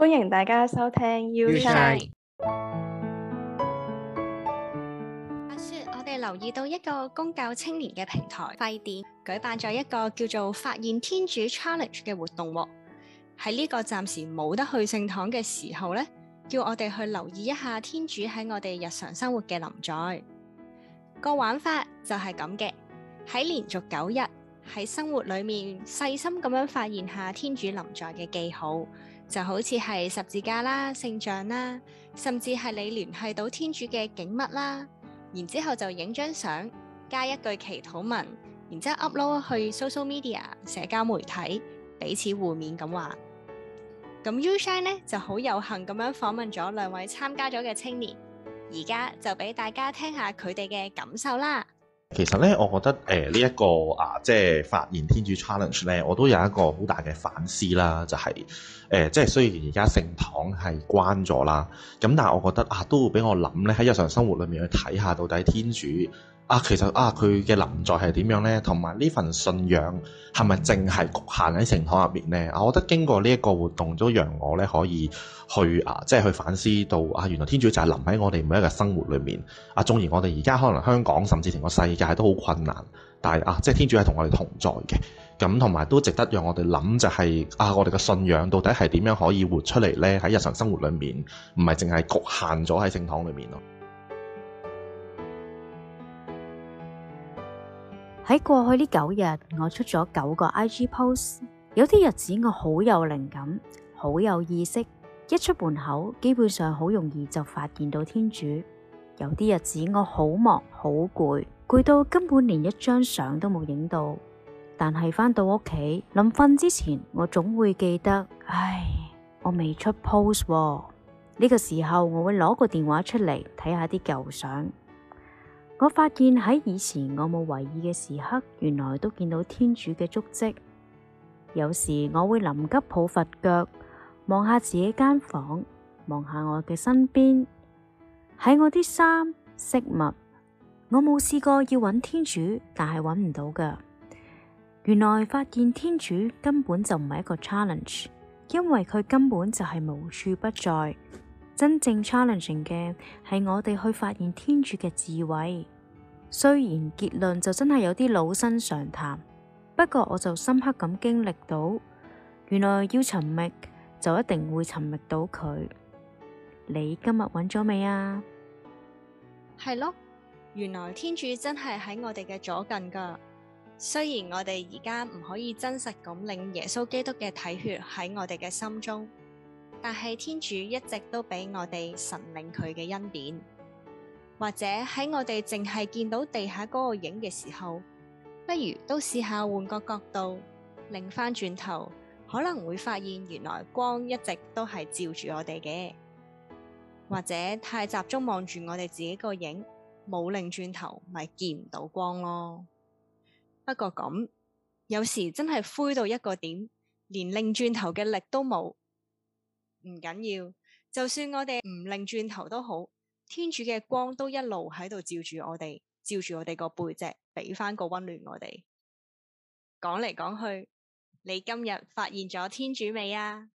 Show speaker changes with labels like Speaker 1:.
Speaker 1: 歡迎大家收聽、y、U Shine。阿雪，我哋留意到一個公教青年嘅平台廢電舉辦咗一個叫做《發現天主 Challenge》嘅活動喎。喺呢個暫時冇得去聖堂嘅時候呢，叫我哋去留意一下天主喺我哋日常生活嘅臨在。個玩法就係咁嘅，喺連續九日喺生活裏面細心咁樣發現下天主臨在嘅記號。就好似係十字架啦、聖像啦，甚至係你聯繫到天主嘅景物啦。然之後就影張相，加一句祈禱文，然之後 upload 去 social media 社交媒體，彼此互勉咁話。咁 Ushine 咧就好有幸咁樣訪問咗兩位參加咗嘅青年，而家就俾大家聽下佢哋嘅感受啦。
Speaker 2: 其實咧，我覺得誒，呢、呃、一、這個啊，即係發現天主 challenge 咧，我都有一個好大嘅反思啦，就係、是、誒、呃，即係雖然而家聖堂係關咗啦，咁但係我覺得啊，都會俾我諗咧喺日常生活裏面去睇下，到底天主。啊，其實啊，佢嘅臨在係點樣呢？同埋呢份信仰係咪淨係局限喺聖堂入面咧？我覺得經過呢一個活動，都讓我咧可以去啊，即係去反思到啊，原來天主就係臨喺我哋每一個生活裏面。啊，縱然我哋而家可能香港甚至成個世界都好困難，但係啊，即係天主係同我哋同在嘅。咁同埋都值得讓我哋諗就係啊，我哋嘅信仰到底係點樣可以活出嚟呢？喺日常生活裏面，唔係淨係局限咗喺聖堂裏面咯。
Speaker 3: 喺過去呢九日，我出咗九個 IG post。有啲日子我好有靈感，好有意識，一出門口基本上好容易就發現到天主。有啲日子我好忙，好攰，攰到根本連一張相都冇影到。但係翻到屋企，臨瞓之前我總會記得，唉，我未出 post 喎。呢個時候我會攞個電話出嚟睇下啲舊相。我發現喺以前我冇懷疑嘅時刻，原來都見到天主嘅足跡。有時我會臨急抱佛腳，望下自己間房，望下我嘅身邊，喺我啲衫飾物。我冇試過要揾天主，但係揾唔到噶。原來發現天主根本就唔係一個 challenge，因為佢根本就係無處不在。真正 challenge 嘅係我哋去發現天主嘅智慧。雖然結論就真係有啲老生常談，不過我就深刻咁經歷到，原來要尋覓就一定會尋覓到佢。你今日揾咗未啊？
Speaker 1: 係咯，原來天主真係喺我哋嘅左近噶。雖然我哋而家唔可以真實咁令耶穌基督嘅體血喺我哋嘅心中。但係天主一直都俾我哋神領佢嘅恩典，或者喺我哋淨係見到地下嗰個影嘅時候，不如都試下換個角度，擰翻轉頭，可能會發現原來光一直都係照住我哋嘅。或者太集中望住我哋自己個影，冇擰轉頭，咪、就是、見唔到光咯。不過咁有時真係灰到一個點，連擰轉頭嘅力都冇。唔緊要，就算我哋唔擰轉頭都好，天主嘅光都一路喺度照住我哋，照住我哋個背脊，俾翻個溫暖我哋。講嚟講去，你今日發現咗天主未啊？